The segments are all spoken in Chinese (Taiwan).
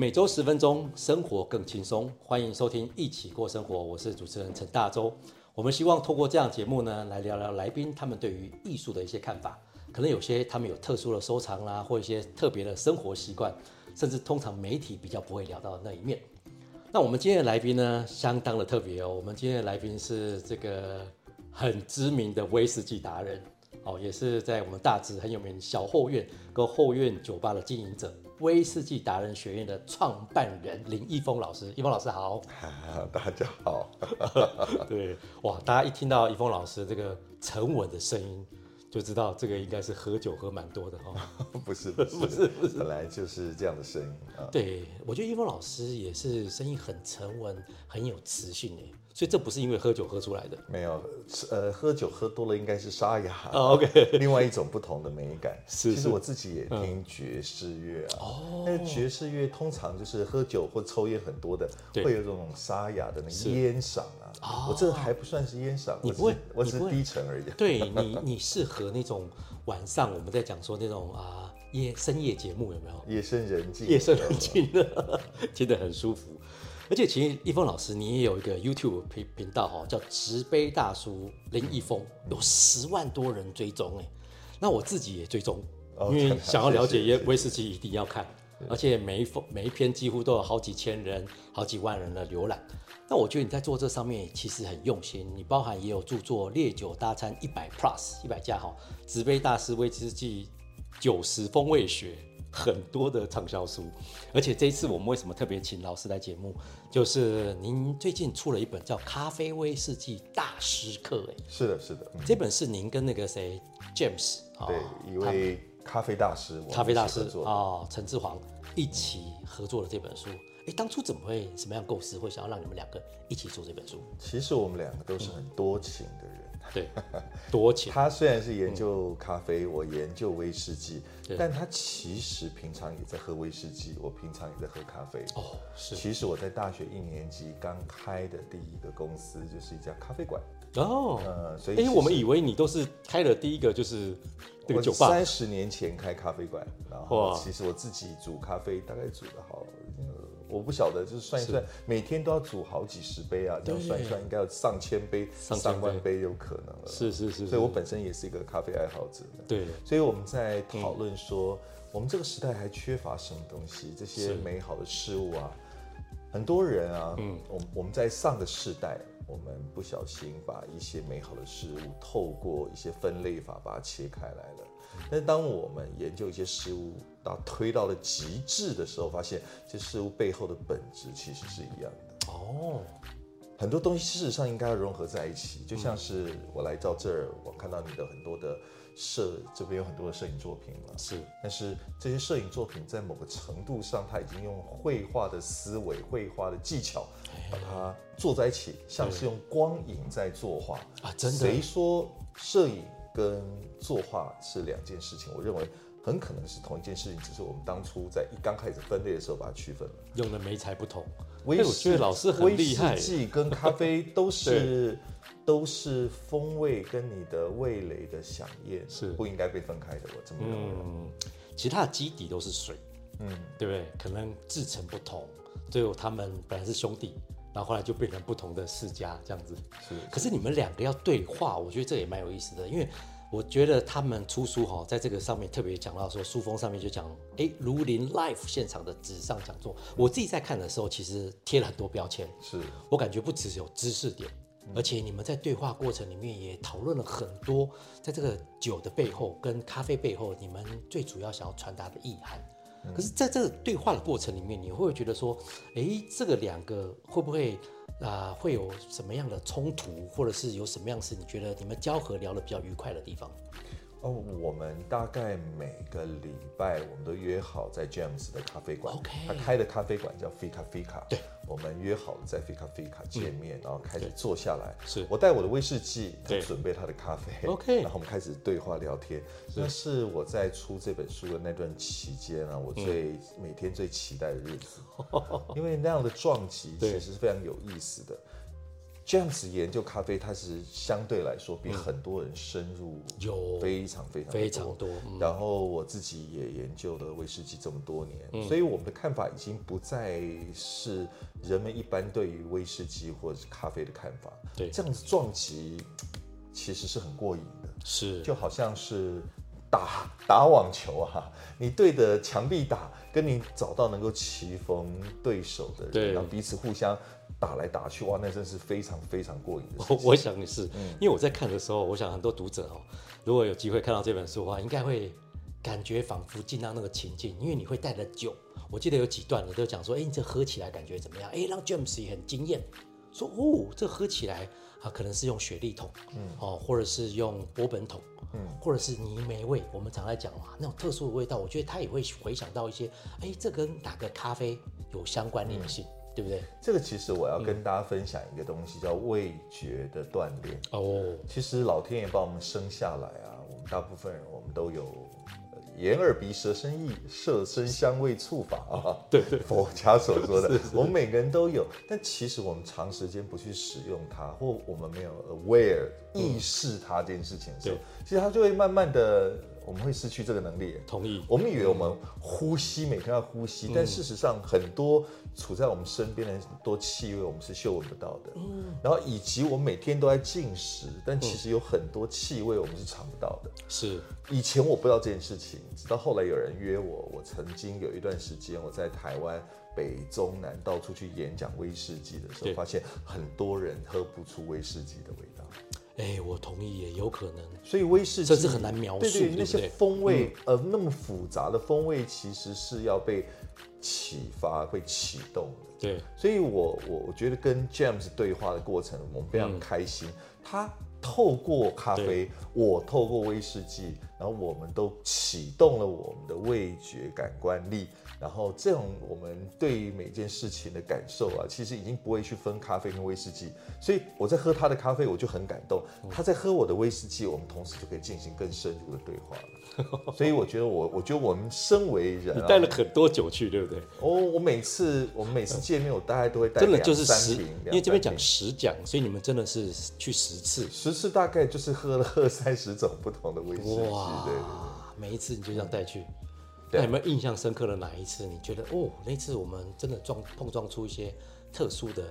每週十分鐘，生活更輕鬆。歡迎收聽《一起過生活》，我是主持人陳大洲。我們希望透過這樣節目呢，來聊聊來賓他們對於藝術的一些看法。可能有些他們有特殊的收藏啦、啊，或一些特別的生活習慣，甚至通常媒體比較不會聊到的那一面。那我們今天的來賓呢，相當的特別哦。我們今天的來賓是這個很知名的威士忌達人哦，也是在我們大直很有名小後苑跟後院酒吧的經營者。威士忌達人學院的創辦人林一峰老師，一峰老師好。啊，大家好。 對，哇，大家一聽到一峰老師這個沉穩的聲音，就知道這個應該是喝酒喝蠻多的哦。 不是，不是， 不是，不是，不是，本來就是這樣的聲音。 對，我覺得一峰老師也是聲音很沉穩，很有磁性所以這不是因為喝酒喝出來的，沒有，呃，喝酒喝多了應該是沙啞啊。OK，另外一種不同的美感。是，其實我自己也聽爵士樂啊。哦。爵士樂通常就是喝酒或抽菸很多的，會有這種沙啞的那個煙嗓啊。我這還不算是煙嗓，你不會，我只是低沉而已。對你，你適合那種晚上我們在講說那種啊夜深夜節目有沒有？夜深人靜，夜深人靜的，聽得很舒服。而且其實一峰老師，你也有一個 YouTube 頻頻道哈、喔，叫“執杯大叔林一峰”，有十萬多人追蹤哎。那我自己也追蹤，因為想要了解威士忌，一定要看。 而且每一封每一篇幾乎都有好幾千人、好幾萬人的瀏覽。那我覺得你在做這上面其實很用心。你包含也有著作《烈酒大餐一百 Plus 100、喔》一百加哈，《執杯大師威士忌酒食風味學》。很多的暢銷書，而且這一次我們為什麼特別請老師來節目，就是您最近出了一本叫《咖啡威士忌大師課》欸、是的，是的，嗯、這本是您跟那個誰 James 對、哦、一位咖啡大師，咖啡大師啊哦、陳志煌一起合作的這本書，哎、欸，當初怎麼會什麼樣構思會想要讓你們兩個一起做這本書？其實我們兩個都是很多情的人。嗯對，多錢？ 他雖然是研究咖啡，嗯、我研究威士忌，對但他其實平常也在喝威士忌，我平常也在喝咖啡。哦，是。其實我在大學一年級剛開的第一個公司就是一家咖啡館。哦，呃、嗯，所以我們以為你都是開了第一個就是這個酒吧。三十年前開咖啡館，然後其實我自己煮咖啡，大概煮了好。我不曉得，就是算一算，是每天都要煮好幾十杯啊，這樣對算一算，應該要上千杯，上千杯，上萬杯有可能了。是，是是是，所以我本身也是一個咖啡愛好者的。對了，所以我們在討論說，嗯，我們這個時代還缺乏什麼東西？這些美好的事物啊，是很多人啊，嗯，我我們在上個世代，我們不小心把一些美好的事物，透過一些分類法把它切開來了。但是當我們研究一些事物，把它推到了極致的時候，發現這事物背後的本質其實是一樣的哦。很多東西事實上應該要融合在一起，嗯、就像是我來到這兒，我看到你的很多的攝，這邊有很多的攝影作品嘛。是。但是這些攝影作品在某個程度上，它已經用繪畫的思維、繪畫的技巧把它做在一起，嗯、像是用光影在作畫對啊！真的。誰說攝影？跟作畫是兩件事情，我認為很可能是同一件事情，只是我們當初在一剛開始分類的時候把它區分了，用的媒材不同。士我覺得老師很厲害，威士忌跟咖啡都是 對都是風味跟你的味蕾的響應，是不應該被分開的。我這麼認為。嗯，其他的基底都是水，嗯，對不對？可能製程不同，最後他們本來是兄弟。然後後來就變成不同的世家這樣子，是，是。可是你們兩個要對話，我覺得這也蠻有意思的，因為我覺得他們出書哈、哦，在這個上面特別講到說，書封上面就講，哎，如臨 live 現場的紙上講座。我自己在看的時候，其實貼了很多標籤，是我感覺不只有知識點，而且你們在對話過程裡面也討論了很多，在這個酒的背後跟咖啡背後，你們最主要想要傳達的意涵。可是，在這個對話的過程裡面，你會不會覺得說，哎、欸，這個兩個會不會啊、呃，會有什麼樣的衝突，或者是有什麼樣是你覺得你們交合聊得比較愉快的地方？哦，我們大概每個禮拜我們都約好在 James 的咖啡館，他開的咖啡館叫 Fika Fika 對，我們約好在 Fika Fika 見面，然後開始坐下來。是，我帶我的威士忌，準備他的咖啡。OK，然後我們開始對話聊天。那是我在出這本書的那段期間啊，我最每天最期待的日子，因為那樣的撞擊其實是非常有意思的。這樣子研究咖啡，它是相對來說比很多人深入，有非常非常非常多。然後我自己也研究了威士忌這麼多年，所以我們的看法已經不再是人們一般對於威士忌或者是咖啡的看法。對，這樣子撞擊其實是很過癮的，是就好像是。打打網球啊，你對着牆壁打，跟你找到能夠棋逢對手的人，然後對彼此互相打來打去，哇，那真是非常非常過癮。我我想也是，嗯、因為我在看的時候，我想很多讀者哦、喔，如果有機會看到這本書的話，應該會感覺仿佛進到那個情境，因為你會帶着酒。我記得有幾段人講、欸，你都講說，哎，你這喝起來感覺怎麼樣？哎、欸，讓 James 也很驚豔，說，哦，這喝起來。啊，可能是用雪莉桶，嗯，哦，或者是用波本桶，嗯，或者是泥煤味，我們常在講嘛，那種特殊的味道，我覺得他也會回想到一些，哎，這跟哪個咖啡有相關聯性，嗯、對不對？這個其實我要跟大家分享一個東西，嗯、叫味覺的鍛鍊。哦，其實老天爺把我們生下來啊，我們大部分人我們都有。眼耳鼻舌身意，色聲香味觸法啊、哦，對對，佛家所說的， 是是我們每個人都有，但其實我們長時間不去使用它，或我們沒有 aware 意識它這件事情，的時候、嗯，其實它就會慢慢的。我們會失去這個能力。同意。我們以為我們呼吸、嗯、每天要呼吸，嗯、但事實上很多處在我們身邊的很多氣味我們是嗅聞不到的。嗯、然後以及我們每天都在進食，但其實有很多氣味我們是嚐不到的。是、嗯。以前我不知道這件事情，直到後來有人約我，我曾經有一段時間我在台灣北中南到處去演講威士忌的時候，對發現很多人喝不出威士忌的味道。哎、欸，我同意，也有可能。所以威士忌這是很難描述，對對，對對那些風味、嗯、呃，那麼複雜的風味，其實是要被啟發、被啟動的。對，所以我我我覺得跟 James 對話的過程，我們非常開心。嗯、他透過咖啡，對我透過威士忌，然後我們都啟動了我們的味覺感官力。然後，這樣我們對於每件事情的感受啊，其實已經不會去分咖啡和威士忌。所以我在喝他的咖啡，我就很感動；他在喝我的威士忌，我們同時就可以進行更深入的對話。所以我覺得我，我我覺得我們身為人，你帶了很多酒去，對不對？哦，我每次我們每次見面，我大概都會帶兩三瓶。三瓶，因為這邊講十講，所以你們真的是去十次，十次大概就是喝了二三十種不同的威士忌。哇，對對，每一次你就這樣帶去。嗯對那有沒有印象深刻的哪一次？你覺得哦，那一次我們真的撞碰撞出一些特殊的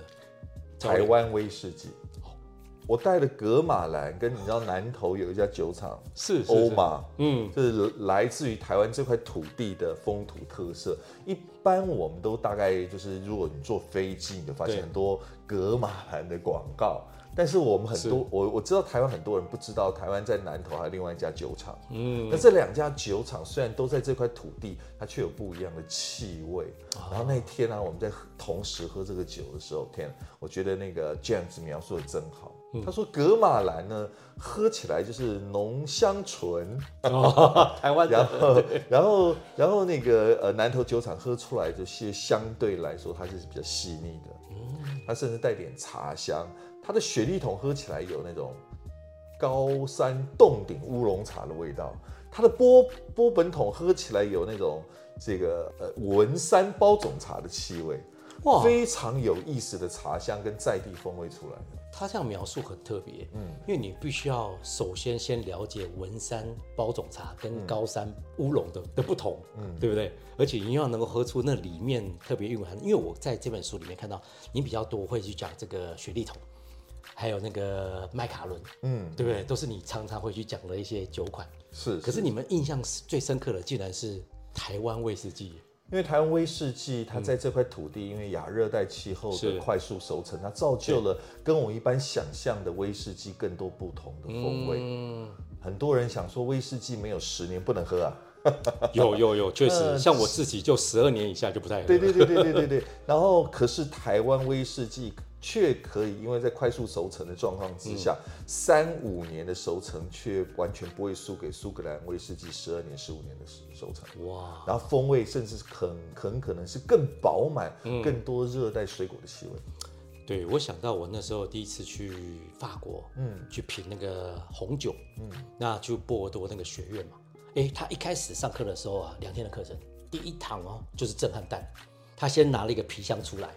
台灣威士忌。我帶了噶瑪蘭，跟你知道南投有一家酒廠、哦、是歐馬，O ma, 嗯，就是來自於台灣這塊土地的風土特色。一般我們都大概就是，如果你坐飛機，你就發現很多噶瑪蘭的廣告。對嗯但是我們很多，是我我知道台灣很多人不知道，台灣在南投還有另外一家酒廠，嗯，嗯，嗯，那這兩家酒廠雖然都在這塊土地，它卻有不一樣的氣味。哦、然後那天呢、啊，我們在同時喝這個酒的時候，天，我覺得那個 James 描述的真好，嗯、他說噶瑪蘭呢喝起來就是濃香醇，哦、台灣，然後然後然後那個呃南投酒廠喝出來就是相對來說它是比較細膩的，嗯，它甚至帶點茶香。它的雪莉桶喝起來有那種高山凍頂烏龍茶的味道，它的波波本桶喝起來有那種這個呃文山包種茶的氣味，哇，非常有意思的茶香跟在地風味出來。他這樣描述很特別，嗯，因為你必須要首先先了解文山包種茶跟高山烏龍的、嗯、的不同，嗯，對不對？而且你一定要能夠喝出那裡面特別韻味。因為我在這本書裡面看到你比較多會去講這個雪莉桶。還有那個麥卡倫，嗯，對不對？都是你常常會去講的一些酒款。是，是，可是你們印象最深刻的竟然是台灣威士忌，因為台灣威士忌它在這塊土地，嗯、因為亞熱帶氣候的快速熟成，是它造就了跟我一般想象的威士忌更多不同的風味。嗯，很多人想說威士忌沒有十年不能喝啊， 有有有，確實，像我自己就十二年以下就不太喝，嗯。對對對對對對對，對，對。 然後可是台灣威士忌，卻可以，因為在快速熟成的狀況之下，嗯、三五年的熟成卻完全不會輸給蘇格蘭威士忌十二年、十五年的熟熟成，哇！然後風味甚至很很可能是更飽滿，嗯、更多熱帶水果的氣味。對，我想到我那時候第一次去法國，嗯，去品那個紅酒，嗯，那就波爾多那個學院嘛，欸、他一開始上課的時候啊，兩天的課程，第一堂哦就是震撼彈，他先拿了一個皮箱出來。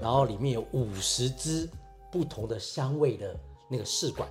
然後裡面有五十支不同的香味的那個試管，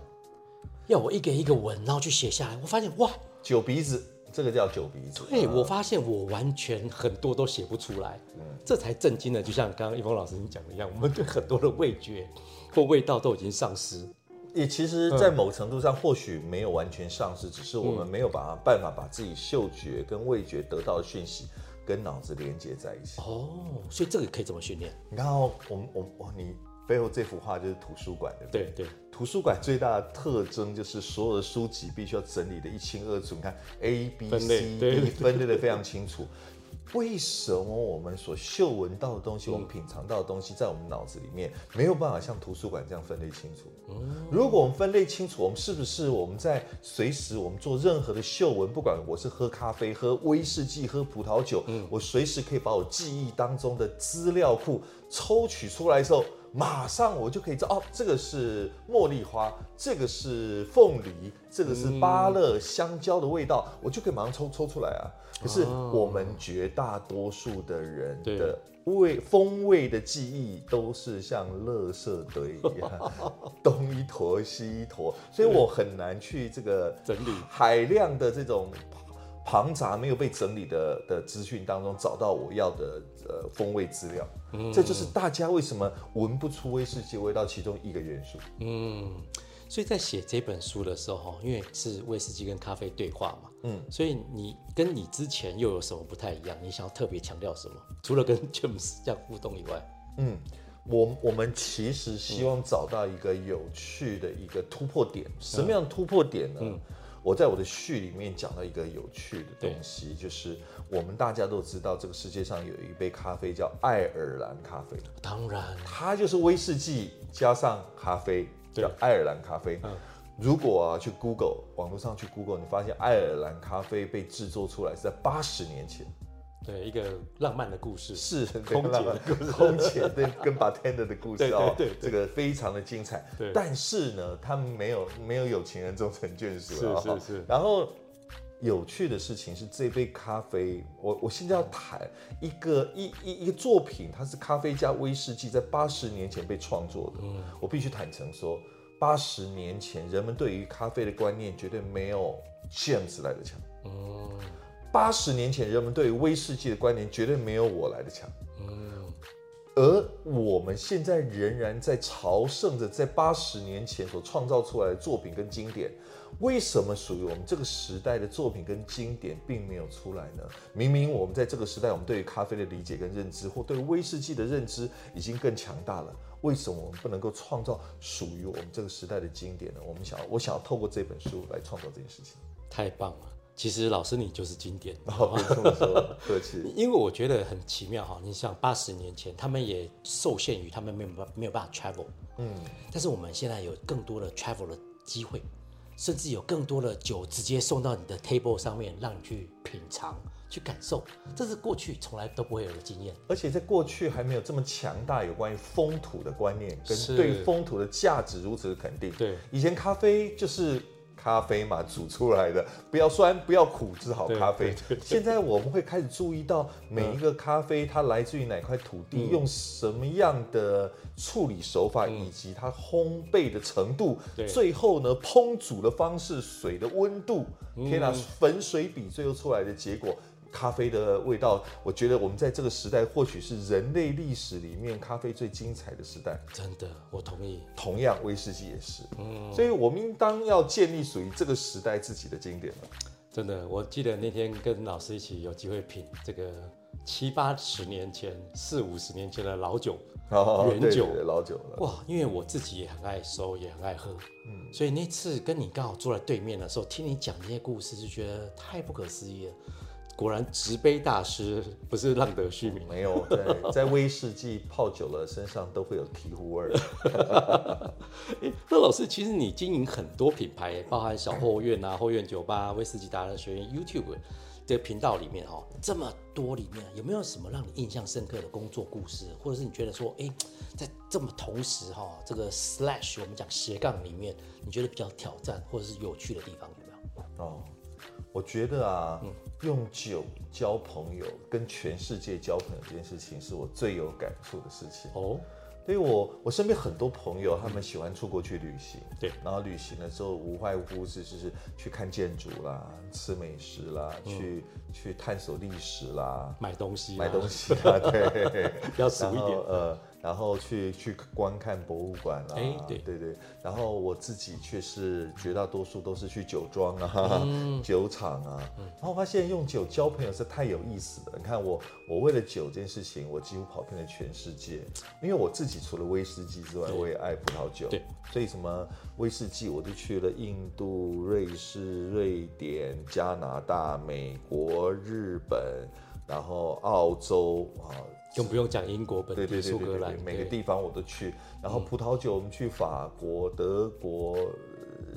要我一個一個聞，然後去寫下來。我發現哇，酒鼻子，這個叫酒鼻子。對、啊、我發現我完全很多都寫不出來，嗯、這才震驚了。就像剛剛一峰老師你講的一樣，我們對很多的味覺或味道都已經喪失。也其實，在某程度上或許沒有完全喪失，嗯、只是我們沒有把辦法把自己嗅覺跟味覺得到的訊息，跟腦子連接在一起哦，所以這個可以怎麼訓練？你看、哦，我們、我我，你背後這幅畫就是圖書館，對不對？對對，圖書館最大的特徵就是所有的書籍必須要整理得一清二楚。你看，A B, C, 對對對，B、C，分類得非常清楚。為什麼我們所嗅聞到的東西，我們品嚐到的東西，在我們腦子裡面沒有辦法像圖書館這樣分類清楚？嗯，如果我們分類清楚，我們是不是我們在隨時我們做任何的嗅聞，不管我是喝咖啡、喝威士忌、喝葡萄酒，嗯，我隨時可以把我記憶當中的資料庫抽取出來的時候，馬上我就可以知道哦，這個是茉莉花，這個是鳳梨，嗯、這個是芭樂、香蕉的味道，我就可以馬上抽抽出來啊。可是我們絕大多數的人的味對風味的記憶都是像垃圾堆一樣， 東一坨西一坨，所以我很難去這個整理海量的這種。龐雜沒有被整理的的資訊當中找到我要的呃風味資料。嗯，嗯，這就是大家為什麼聞不出威士忌味道其中一個元素。嗯，所以在寫這本書的時候，因為是威士忌跟咖啡對話嘛，嗯，所以你跟你之前又有什麼不太一樣？你想要特別強調什麼？除了跟 James 這樣互動以外，嗯，我我們其實希望找到一個有趣的一個突破點，嗯，什麼樣突破點呢？嗯嗯我在我的序裡面講到一個有趣的東西，對就是我們大家都知道，這個世界上有一杯咖啡叫愛爾蘭咖啡。當然，它就是威士忌加上咖啡，叫愛爾蘭咖啡。對如果啊，去 Google 網絡上去 Google，你發現愛爾蘭咖啡被製作出來是在八十年前。對一個浪漫的故事，是浪漫空姐的故事，空姐對 跟 bartender 的故事哦，對，對，對，對，對，這個非常的精彩。對，但是呢，他們沒有沒有有情人終成眷屬，是是是。然後有趣的事情是，這杯咖啡，我我現在要談一個一一一個作品，它是咖啡加威士忌，在八十年前被創作的。嗯，我必須坦誠說，八十年前人們對於咖啡的觀念絕對沒有 James 來得強。嗯。八十年前，人們對於威士忌的觀念絕對沒有我來的強。嗯，而我們現在仍然在朝聖着在八十年前所創造出來的作品跟經典。為什麼屬於我們這個時代的作品跟經典並沒有出來呢？明明我們在這個時代，我們對於咖啡的理解跟認知，或對於威士忌的認知已經更強大了。為什麼我們不能夠創造屬於我們這個時代的經典呢？我們想，我想要透過這本書來創造這件事情。太棒了。其實老師，你就是經典。客氣，哦。因為我覺得很奇妙哈，你像八十年前他們也受限於他們沒沒有辦法 travel，嗯，但是我們現在有更多的 travel 的機會，甚至有更多的酒直接送到你的 table 上面，讓你去品嘗、去感受，這是過去從來都不會有的經驗。而且在過去還沒有這麼強大有關於風土的觀念，跟對於風土的價值如此的肯定。是對，以前咖啡就是。咖啡嘛，煮出來的不要酸，不要苦，是好咖啡。現在我們會開始注意到每一個咖啡，它來自於哪塊土地，嗯、用什麼樣的處理手法，嗯、以及它烘焙的程度，對最後呢，烹煮的方式、水的溫度，天吶，嗯、粉水比，最後出來的結果。咖啡的味道，我覺得我們在這個時代，或許是人類歷史裡面咖啡最精彩的時代。真的，我同意。同樣，威士忌也是。嗯，所以我們應當要建立屬於這個時代自己的經典了。真的，我記得那天跟老師一起有機會品這個七八十年前，四五十年前的老酒，哦哦哦，原酒，對對對，老酒了。哇，因為我自己也很愛收，也很愛喝。嗯，所以那次跟你剛好坐在對面的時候，聽你講這些故事，就覺得太不可思議了。果然，執杯大師不是浪得虛名、 哦。沒有、對，在在威士忌泡久了，身上都會有醍醐味 欸。那老師，其實你經營很多品牌，包含小後苑啊、後院酒吧、威士忌達人學院、YouTube 的頻道裡面哦、喔，這麼多裡面有沒有什麼讓你印象深刻的工作故事，或者是你覺得說，哎、欸，在這麼同時哈、喔，這個 slash 我們講斜槓裡面，你覺得比較挑戰或者是有趣的地方有沒有？哦。我覺得啊，嗯、用酒交朋友，跟全世界交朋友這件事情，是我最有感觸的事情哦。對我，我身邊很多朋友，他們喜歡出國去旅行，對，然後旅行了之後，無外乎是是去看建築啦，吃美食啦，嗯、去去探索歷史啦，買東西，買東西啊，對， 要少一點。然後去去觀看博物館了、啊，欸、對，對對。然後我自己卻是絕大多數都是去酒莊啊、嗯、酒廠啊。然後發現用酒交朋友是太有意思了。你看我，我為了酒這件事情，我幾乎跑遍了全世界。因為我自己除了威士忌之外，對我也愛葡萄酒，對所以什麼威士忌，我就去了印度、瑞士、瑞典、加拿大、美國、日本，然後澳洲啊。更不用講英國本土、蘇格蘭，對對對對對對，每個地方我都去。對然後葡萄酒，我們去法國、德國、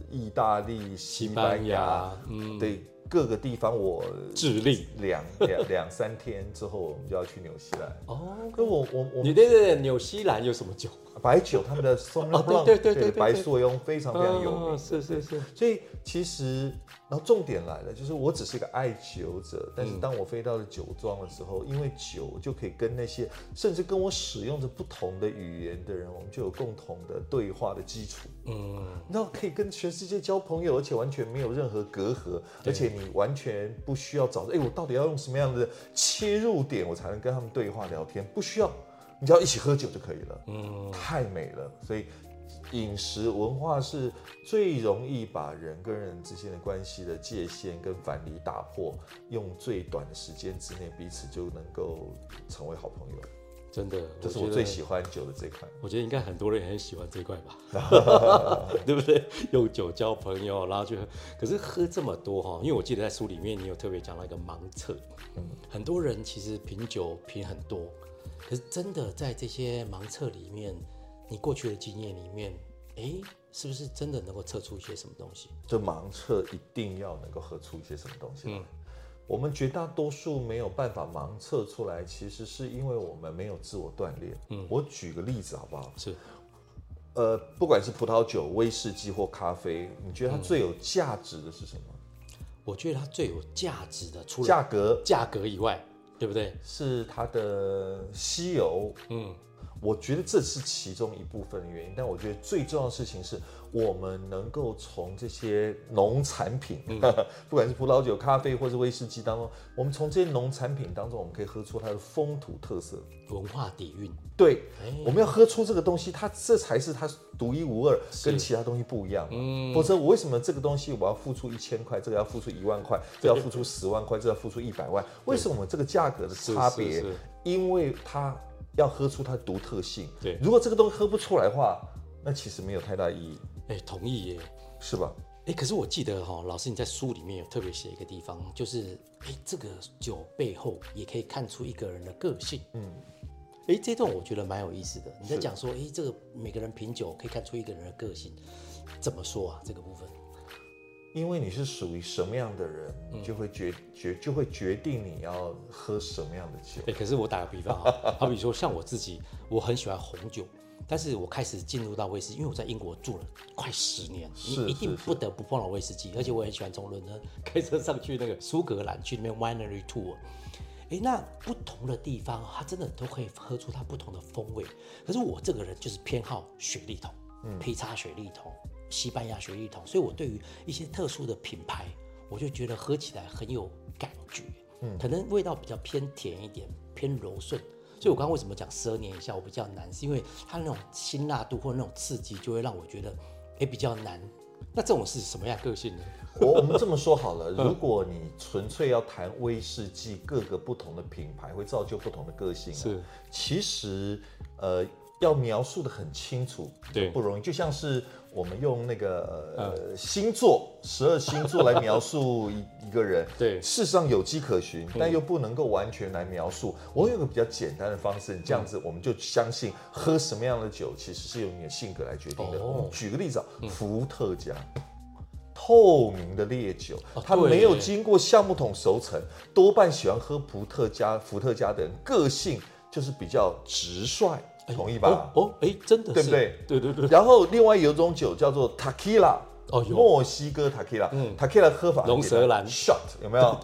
意大利、西班牙，西班牙嗯，對。各個地方我，我智力，兩兩兩三天之後，我們就要去紐西蘭哦。跟我我我，我我你對對對，紐西蘭有什麼酒？白酒，他們的松啊、 哦，對對對對，白蘇維濃非常非常有名。哦。是是是，是對。所以其實，然後重點來了，就是我只是一個愛酒者，但是當我飛到了酒莊的時候，嗯、因為酒就可以跟那些甚至跟我使用着不同的語言的人，我們就有共同的對話的基礎。嗯，那可以跟全世界交朋友，而且完全沒有任何隔閡，對而且你完全不需要找，哎，我到底要用什麼樣的切入點，我才能跟他們對話聊天？不需要，你只要一起喝酒就可以了。嗯，太美了。所以飲食文化是最容易把人跟人之間的關係的界限跟藩籬打破，用最短的時間之內，彼此就能夠成為好朋友。真的，這是我，我最喜歡酒的這塊。我覺得應該很多人也很喜歡這一塊吧， 對不對？用酒交朋友，然後去喝，可是喝這麼多哈、喔，因為我記得在書裡面你有特別講到一個盲測。嗯、很多人其實品酒品很多，可是真的在這些盲測裡面，你過去的經驗裡面，哎、欸，是不是真的能夠測出一些什麼東西？這盲測一定要能夠喝出一些什麼東西？嗯。我們絕大多數沒有辦法盲測出來，其實是因為我們沒有自我鍛鍊。嗯，我舉個例子好不好？是，呃，不管是葡萄酒、威士忌或咖啡，你覺得它最有價值的是什麼？嗯，我覺得它最有價值的，除了價格、價格以外，對不對？是它的稀有。嗯。我覺得這是其中一部分的原因，但我覺得最重要的事情是我們能夠從這些農產品，嗯、 不管是葡萄酒、咖啡或者威士忌當中，我們從這些農產品當中，我們可以喝出它的風土特色、文化底蘊。對，欸、我們要喝出這個東西，它這才是它獨一無二，是跟其他東西不一樣。嗯，否則我為什麼這個東西我要付出一千塊，這個要付出一萬塊，這要付出十萬塊對，這要付出一百萬？對為什麼這個價格的差別？是是是因為它。要喝出它的獨特性，對。如果這個東西喝不出來的話，那其實沒有太大意義。哎、欸，同意耶，是吧？哎、欸，可是我記得哈、喔，老師你在書裡面有特別寫一個地方，就是哎、欸，這個酒背後也可以看出一個人的個性。嗯，哎、欸，這段我覺得蠻有意思的。你在講說，哎是、欸，這個每個人品酒可以看出一個人的個性，怎麼說啊？這個部分。因為你是屬於什麼樣的人，就會決決就會決定你要喝什麼樣的酒。哎、欸，可是我打個比方，哦，好比 說像我自己，我很喜歡紅酒，但是我開始進入到威士，因為我在英國住了快十年，是是是，一定不得不碰到威士忌。是是是，而且我很喜歡從倫敦開車上去那個蘇格蘭 去那邊 winery tour。哎、欸，那不同的地方，它真的都可以喝出它不同的風味。可是我這個人就是偏好雪利桶，嗯，配差雪利桶。西班牙雪利桶，所以我對於一些特殊的品牌，我就覺得喝起來很有感覺，嗯，可能味道比較偏甜一點，偏柔順。所以我剛剛為什麼講十二年以下我比較難，是因為它那種辛辣度或那種刺激，就會讓我覺得、欸、比較難。那這種是什麼樣的個性呢？我我們這麼說好了，如果你純粹要談威士忌各個不同的品牌會造就不同的個性、啊，是，其實呃。要描述得很清楚，對，不容易。就像是我們用那個呃星座，十二星座來描述一一個人，對，事實上有跡可循，但又不能夠完全來描述。我有個比較簡單的方式，這樣子我們就相信，喝什麼樣的酒其實是由你的性格來決定的。舉個例子啊，伏特加，透明的烈酒，它沒有經過橡木桶熟成，多半喜歡喝伏特加。伏特加的人個性就是比較直率。同意吧？哦，哎，真的，對不對？對對對。然後另外有一種酒叫做 t a k i l a 墨西哥 t a k i l a 嗯 t a k i l a 喝法龍舌蘭 shot 有沒有？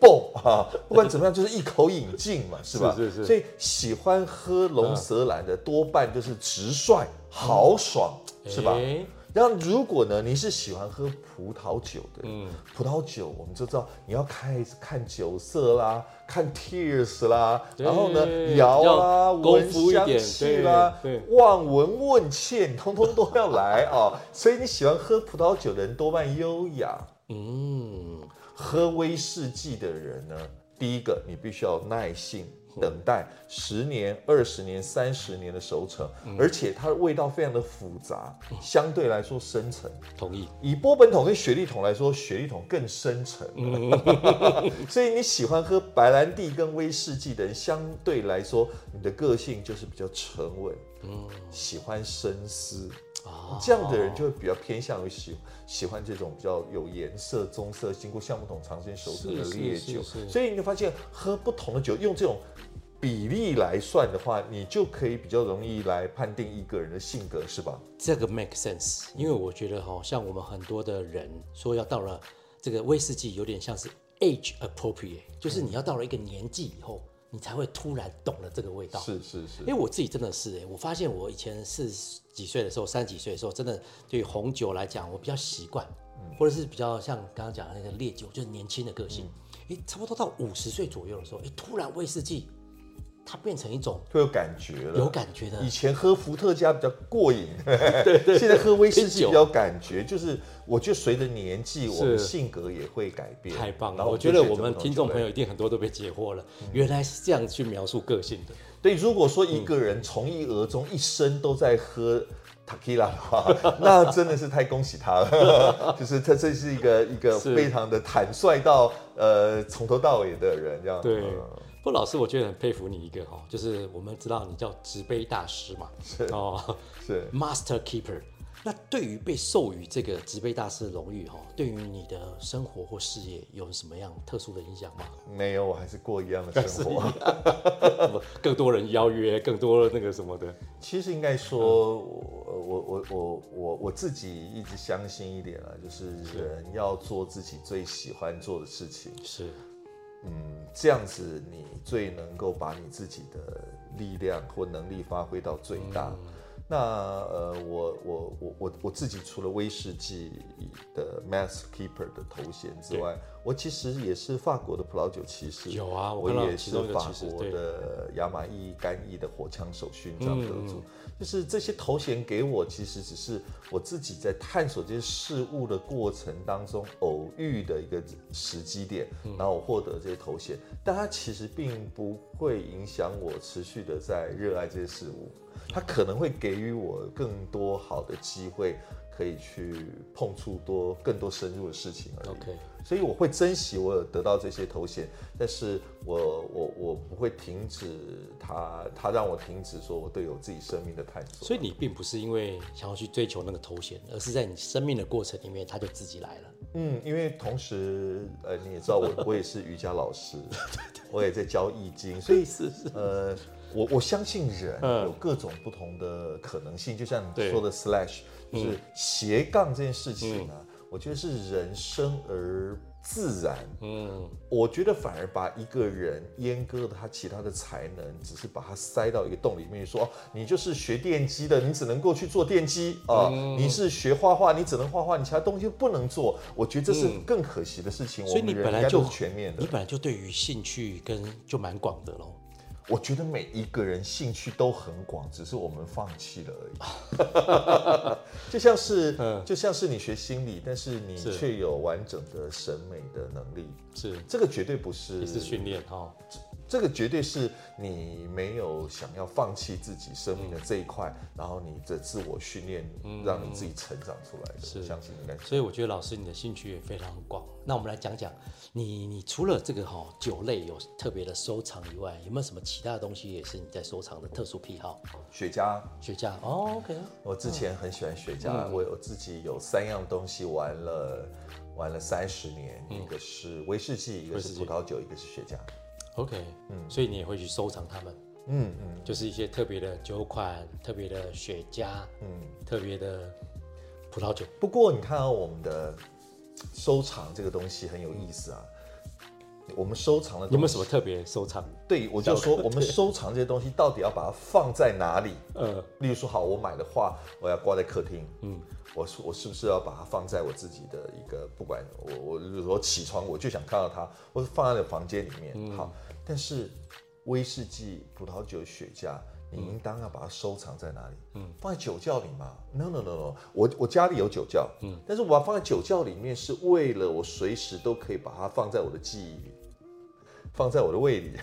蹦啊，不管怎麼樣，就是一口飲盡嘛，是吧？所以喜歡喝龍舌蘭的多半就是直率豪爽，是吧？那如果呢？你是喜歡喝葡萄酒的人，嗯，葡萄酒我們就知道你要看看酒色啦，看 tears 啦，對然後呢搖啦、啊，功夫聞香氣啦，對，對望聞問切，你通通都要來啊、哦。 所以你喜歡喝葡萄酒的人多半優雅，嗯。喝威士忌的人呢，第一個你必須要耐性。等待十年、二十年、三十年的熟成，嗯、而且它的味道非常的複雜，相對來說深沉。同意。以波本桶跟雪莉桶來說，雪莉桶更深沉。嗯、 所以你喜歡喝白蘭地跟威士忌的人，相對來說，你的個性就是比較沉穩，嗯、喜歡深思。哦、這樣的人就會比較偏向於喜歡喜歡這種比較有顏色、棕色，經過橡木桶長時間熟成的烈酒。是是是是，所以你會發現，喝不同的酒，用這種。比例來算的話，你就可以比較容易來判定一個人的性格，是吧？這個 make sense，因為我覺得哈、喔，像我們很多的人說要到了這個威士忌，有點像是 age appropriate，就是你要到了一個年紀以後，你才會突然懂了這個味道。是是是。因為我自己真的是、欸、我發現我以前四十幾歲的時候，三十幾歲的時候，真的對於紅酒來講，我比較習慣，嗯、或者是比較像剛剛講的那個烈酒，就是年輕的個性、嗯欸。差不多到五十歲左右的時候、欸，突然威士忌。它變成一種會有感覺了，有感覺的。以前喝伏特加比較過癮，對對，現在喝威士忌比較感覺，就是我覺得隨着年紀，我們性格也會改變。太棒了！我覺得我們聽眾朋友一定很多都被解惑了，原來是這樣去描述個性的。對，如果說一個人從一而終一生都在喝 tequila 的話，那真的是太恭喜他了，就是他這是一個一個非常的坦率到呃，從頭到尾的人這樣。對。不過老師，我覺得很佩服你一個哈，就是我們知道你叫執杯大師嘛，是哦，是 Master Keeper。那對於被授予這個執杯大師的榮譽哈，對於你的生活或事業有什麼樣特殊的影響嗎？沒有，我還是過一樣的生活。更多人邀約，更多那個什麼的。其實應該說，我我我我，我自己一直相信一點啊，就是人要做自己最喜歡做的事情。是。嗯，這樣子你最能夠把你自己的力量或能力發揮到最大。嗯、那呃，我我我我我自己除了威士忌的 Master Keeper 的頭銜之外，Okay. 我其實也是法國的葡萄酒騎士，有啊，我，其我也是法國的亞馬遜干邑的火槍手勳章得主，對就是這些頭銜給我，其實只是我自己在探索這些事物的過程當中偶遇的一個時機點，嗯、然後我獲得這些頭銜，但它其實並不會影響我持續的在熱愛這些事物，它可能會給予我更多好的機會。可以去碰觸多更多深入的事情而已，Okay. 所以我會珍惜我有得到這些頭銜，但是我我我不會停止他，他讓我停止說我對有自己生命的探索。所以你並不是因為想要去追求那個頭銜，而是在你生命的過程裡面，他就自己來了。嗯，因為同時，呃，你也知道我 我也是瑜伽老師， 我也在教易經，所以是是呃，我我相信人有各種不同的可能性，嗯、就像你說的 slash。嗯、就是斜槓這件事情呢、啊，嗯、我覺得是人生而自然。嗯，我覺得反而把一個人閹割了，他其他的才能，只是把他塞到一個洞裡面，說你就是學電機的，你只能夠去做電機啊。嗯、你是學畫畫，你只能畫畫，你其他東西不能做。我覺得這是更可惜的事情。嗯、我們所以，你本來就全面的，你本來就對於興趣跟就蠻廣的咯。我覺得每一個人興趣都很廣，只是我們放棄了而已。 就像是，嗯、就像是你學心理，但是你卻有完整的審美的能力。是，這個絕對不是一次訓練哈。這個絕對是你沒有想要放棄自己生命的這一塊，嗯、然後你的自我訓練，讓你自己成長出來的，嗯、相信應該。所以我覺得老師你的興趣也非常廣。那我們來講講你你，除了這個哈酒類有特別的收藏以外，有沒有什麼其他東西也是你在收藏的特殊癖好？雪茄、雪茄。哦、OK。我之前很喜歡雪茄，我，哦、我自己有三樣東西玩了、嗯、玩了三十年，嗯、一個是威士忌，一個是葡萄酒，一個是雪茄。OK，嗯，所以你也會去收藏他們，嗯嗯，嗯，就是一些特別的酒款、特別的雪茄、嗯，特別的葡萄酒。不過你看到我們的收藏這個東西很有意思啊，嗯、我們收藏的東西有沒有什麼特別收藏？對，我就說我們收藏這些東西到底要把它放在哪裡？嗯，例如說好，我買的話，我要掛在客廳，嗯，我我是不是要把它放在我自己的一個不管我，我如果起床我就想看到它，或者放在那個房間裡面，嗯、好。但是威士忌、葡萄酒、雪茄，你應當要把它收藏在哪裡？嗯，放在酒窖裡嗎？No No No No，我我家裡有酒窖，嗯，但是我要放在酒窖裡面是為了我隨時都可以把它放在我的記憶裡，放在我的胃裡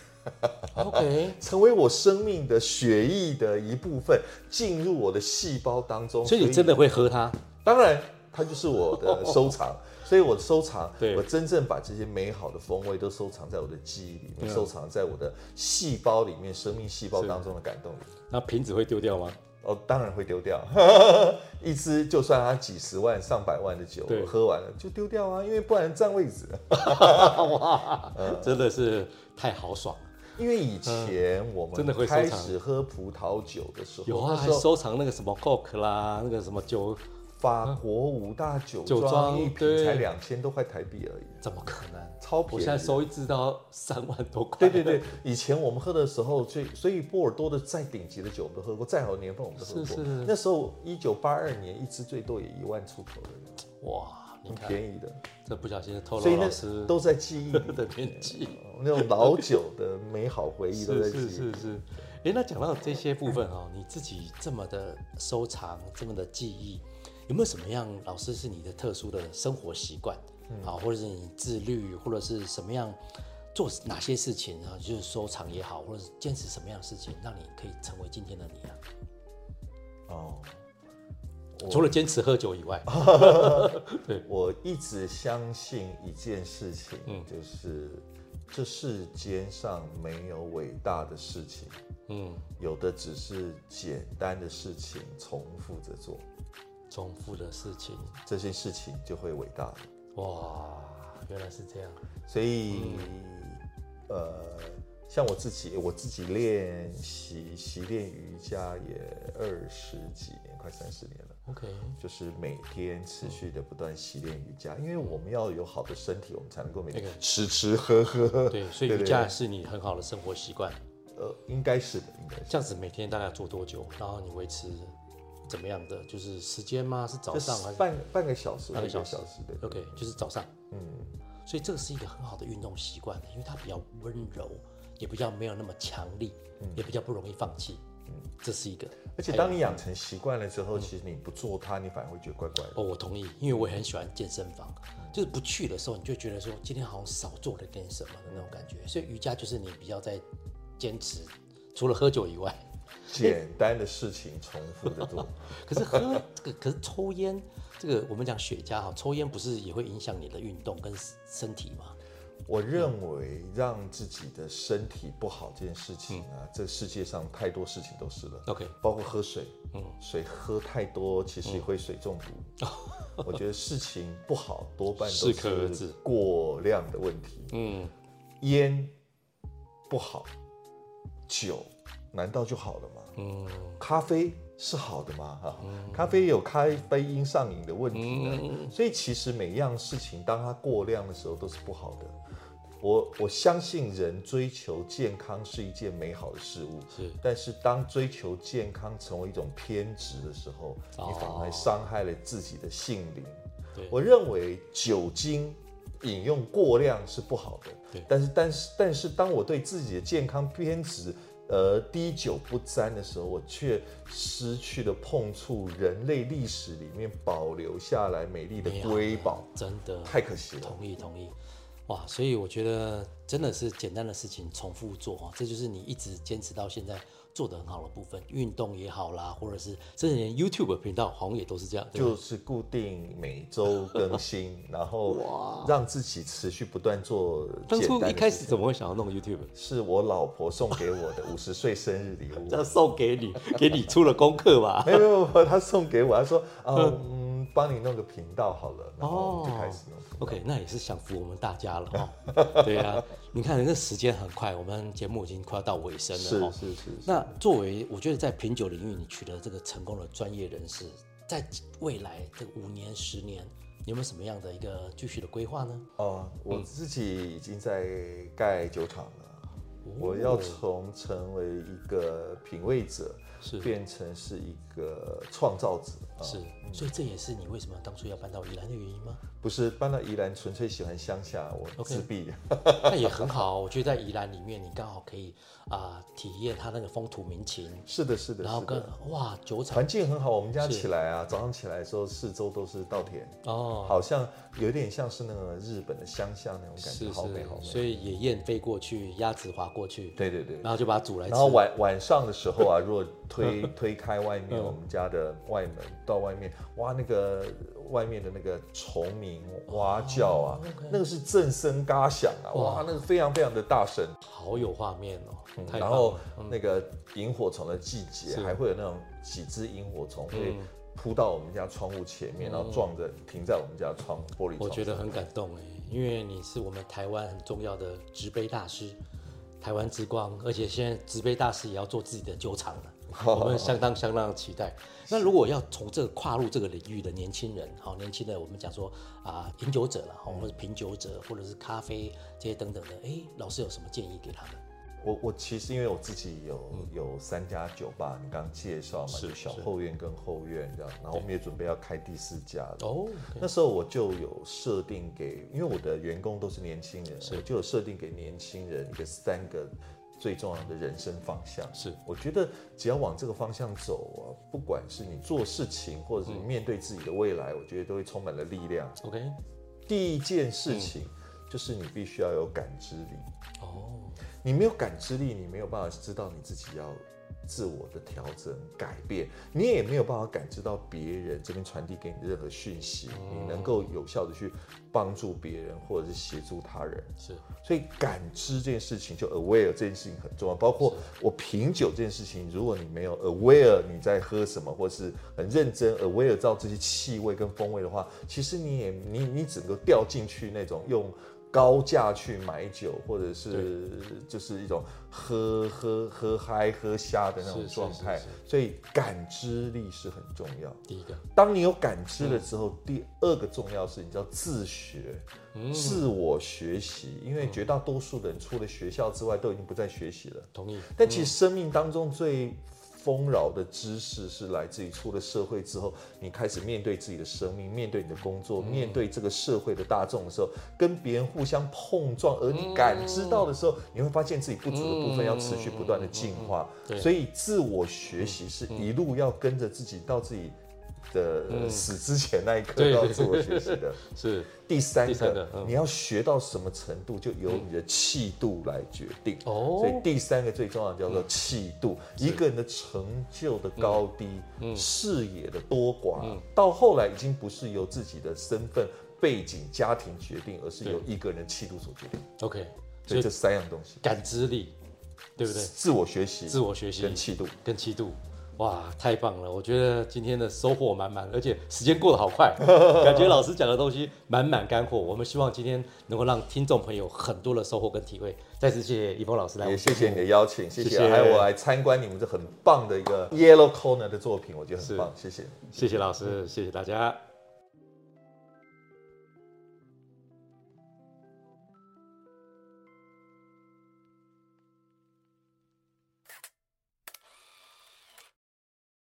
，OK，成為我生命的血液的一部分，進入我的細胞當中。所以你真的會喝它？當然，它就是我的收藏。哦哦哦所以，我收藏，對我真正把這些美好的風味都收藏在我的記憶裡面，嗯、收藏在我的細胞裡面，生命細胞當中的感動。那瓶子會丟掉嗎？哦，當然會丟掉， 一支就算它幾十萬、上百萬的酒，對我喝完了就丟掉啊，因為不然佔位置。 哇，真的是太豪爽。因為以前我們、嗯、真的會開始喝葡萄酒的時候，有、啊、時候還收藏那個什麼 Coke 啦，那個什麼酒。法國五大酒莊一瓶才兩千多塊台幣而已，怎麼可能？超便宜，我現在收一支都要三萬多塊。對對對，以前我們喝的時候最，最所以波爾多的再頂級的酒，我們都喝過；再好的年份，我們都喝過。是是是是，那時候一九八二年一支最多也一萬出頭的，哇，你看很便宜的。這不小心偷了老師，都在記憶裡面呵呵的面輯、欸。那種老酒的美好回憶都在記憶。是，是是是。哎、欸，那講到這些部分哈，你自己這麼的收藏，嗯、這麼的記憶。有沒有什麼樣老師是你的特殊的生活習慣、嗯、啊，或者是你自律，或者是什麼樣做哪些事情啊？就是收藏也好，或者是堅持什麼樣的事情，讓你可以成為今天的你啊？哦、嗯，我除了堅持喝酒以外， 對，我一直相信一件事情、就是，嗯、就是這世間上沒有偉大的事情，嗯，有的只是簡單的事情重複着做。重複的事情，這些事情就會偉大。哇，原來是這樣。所以，嗯、呃，像我自己，我自己練習習練瑜伽也二十幾年，快三十年了。OK，就是每天持續的不斷習練瑜伽，嗯、因為我們要有好的身體，嗯、我們才能夠每天吃吃喝喝。對，所以瑜伽是你很好的生活習慣。呃，應該是的，應該。這樣子每天大概要做多久？然後你維持。怎麼樣的？就是時間嗎？是早上還是半半個小時？半個小時的。對 OK，、嗯、就是早上。嗯。所以這個是一個很好的運動習慣，因為它比較溫柔，也比較沒有那麼強力，嗯、也比較不容易放棄。嗯，這是一個。而且當你養成習慣了之後，嗯、其實你不做它，你反而會覺得怪怪的。哦，我同意，因為我也很喜歡健身房，嗯、就是不去的時候，你就覺得說今天好像少做了點什麼的那種感覺。所以瑜伽就是你比較在堅持，除了喝酒以外。簡單的事情重複的做， 可是喝、這個，可是抽菸，這個我們講雪茄哈、喔，抽菸不是也會影響你的運動跟身體嗎？我認為讓自己的身體不好這件事情啊，嗯、這世界上太多事情都是了。OK，、嗯、包括喝水，嗯、水喝太多其實也會水中毒。嗯、我覺得事情不好多半都是過量的問題。嗯，菸不好，酒。難道就好了嗎？嗯，咖啡是好的嗎？哈、嗯，咖啡有咖啡因上癮的問題的、啊，嗯、所以其實每一樣事情，當它過量的時候，都是不好的。我我相信人追求健康是一件美好的事物，是，但是當追求健康成為一種偏執的時候，哦、你反而傷害了自己的性靈。對我認為酒精飲用過量是不好的，但是但是但是，但是但是當我對自己的健康偏執。而、呃、滴酒不沾的時候，我卻失去了碰觸人類歷史裡面保留下來美麗的瑰寶，真的太可惜了。同意同意，哇！所以我覺得真的是簡單的事情，重複做啊，這就是你一直堅持到現在。做得很好的部分，運動也好啦，或者是甚至連 YouTube 頻道好像也都是這樣，就是固定每周更新， 然後讓自己持續不斷做。當初一開始怎麼會想要弄 YouTube？是我老婆送給我的五十歲生日禮物，要 送給你，給你出了功課吧？沒有 沒有，她送給我，她說、哦、嗯幫你弄個頻道好了，然後就開始弄。Oh, OK，那也是享福我們大家了哦。 對呀、啊，你看這時間很快，我們節目已經快要到尾聲了、哦是。是是是。是那作為我覺得在品酒領域，你取得這個成功的專業人士，在未來的五年、十年，你有沒有什麼樣的一個繼續的規劃呢？哦、嗯，我自己已經在蓋酒廠了。我要從成為一個品味者，是變成是一個創造者。是，所以這也是你為什麼當初要搬到宜蘭的原因嗎？不是，搬到宜蘭純粹喜歡鄉下，我自閉。那也很好，我覺得在宜蘭裡面，你剛好可以啊體驗它那個風土民情。是的，是的。然後跟哇，酒廠環境很好，我們家起來啊，早上起來的時候，四周都是稻田哦，好像有點像是那個日本的鄉下那種感覺，好美好美。所以野雁飛過去，鴨子划過去，對對對，然後就把它煮來吃。然後晚晚上的時候啊，如果推推開外面我們家的外門，到外面，哇，那個外面的那個蟲鳴蛙叫啊，那個是震聲嘎響啊，哇，那個非常非常的大聲，好有畫面哦。嗯、然後那個螢火蟲的季節，嗯、還會有那種幾只螢火蟲會撲到我們家窗戶前面，嗯、然後撞着停在我們家窗、嗯、玻璃窗上。我覺得很感動哎，因為你是我們台灣很重要的執杯大師，台灣之光，而且現在執杯大師也要做自己的酒廠了。我們相當相當期待。那如果要從這個跨入這個領域的年輕人，好年輕的，我們講說啊，呃、飲酒者了，我們是品酒者或者是咖啡這些等等的，哎、欸，老師有什麼建議給他們？我我其實因為我自己有有三家酒吧，嗯、你剛介紹嘛，是是就小後苑跟後院這樣，然後我們也準備要開第四家的。哦對，那時候我就有設定給，因為我的員工都是年輕人，是我就有設定給年輕人一個三個。最重要的人生方向是，我覺得只要往這個方向走啊，不管是你做事情，或者是你面對自己的未來，我覺得都會充滿了力量。OK，第一件事情就是你必須要有感知力。哦、嗯，你沒有感知力，你沒有辦法知道你自己要。自我的調整改變，你也沒有辦法感知到別人這邊傳遞給你的任何訊息，你能夠有效的去幫助別人或者是協助他人。是，所以感知這件事情就 aware 這件事情很重要，包括我品酒這件事情，如果你沒有 aware 你在喝什麼，或是很認真 aware 到這些氣味跟風味的話，其實你也你你只能夠掉進去那種用，高價去買酒，或者是對就是一種喝喝喝嗨喝瞎的那種狀態，所以感知力是很重要。第一個，當你有感知了之後，嗯、第二個重要是你知道自學、嗯、自我學習，因為絕大多數的人除了學校之外，嗯、都已經不再學習了。同意。但其實生命當中最豐饒的知識是來自於出了社會之後，你開始面對自己的生命，面對你的工作，面對這個社會的大眾的時候，跟別人互相碰撞，而你感知到的時候，你會發現自己不足的部分，要持續不斷的進化。嗯，所以，自我學習是一路要跟着自己到自己的死之前那一刻要自我學習的是第三個，你要學到什麼程度，就由你的氣度來決定。哦，所以第三個最重要的叫做氣度。一個人的成就的高低、視野的多寡，到後來已經不是由自己的身份背景家庭決定，而是由一個人的氣度所決定。OK，所以這三樣東西：感知力，對不對？自我學習，自我學習，跟氣度，跟氣度。哇，太棒了！我覺得今天的收穫滿滿，而且時間過得好快，感覺老師講的東西滿滿乾貨。我們希望今天能夠讓聽眾朋友很多的收穫跟體會。再次謝謝一峰老師來，也謝謝你的邀請，謝謝，謝謝啊、還有我來參觀你們這很棒的一個 Yellow Corner 的作品，我覺得很棒，是謝謝，謝謝，謝，謝老師，是謝謝大家。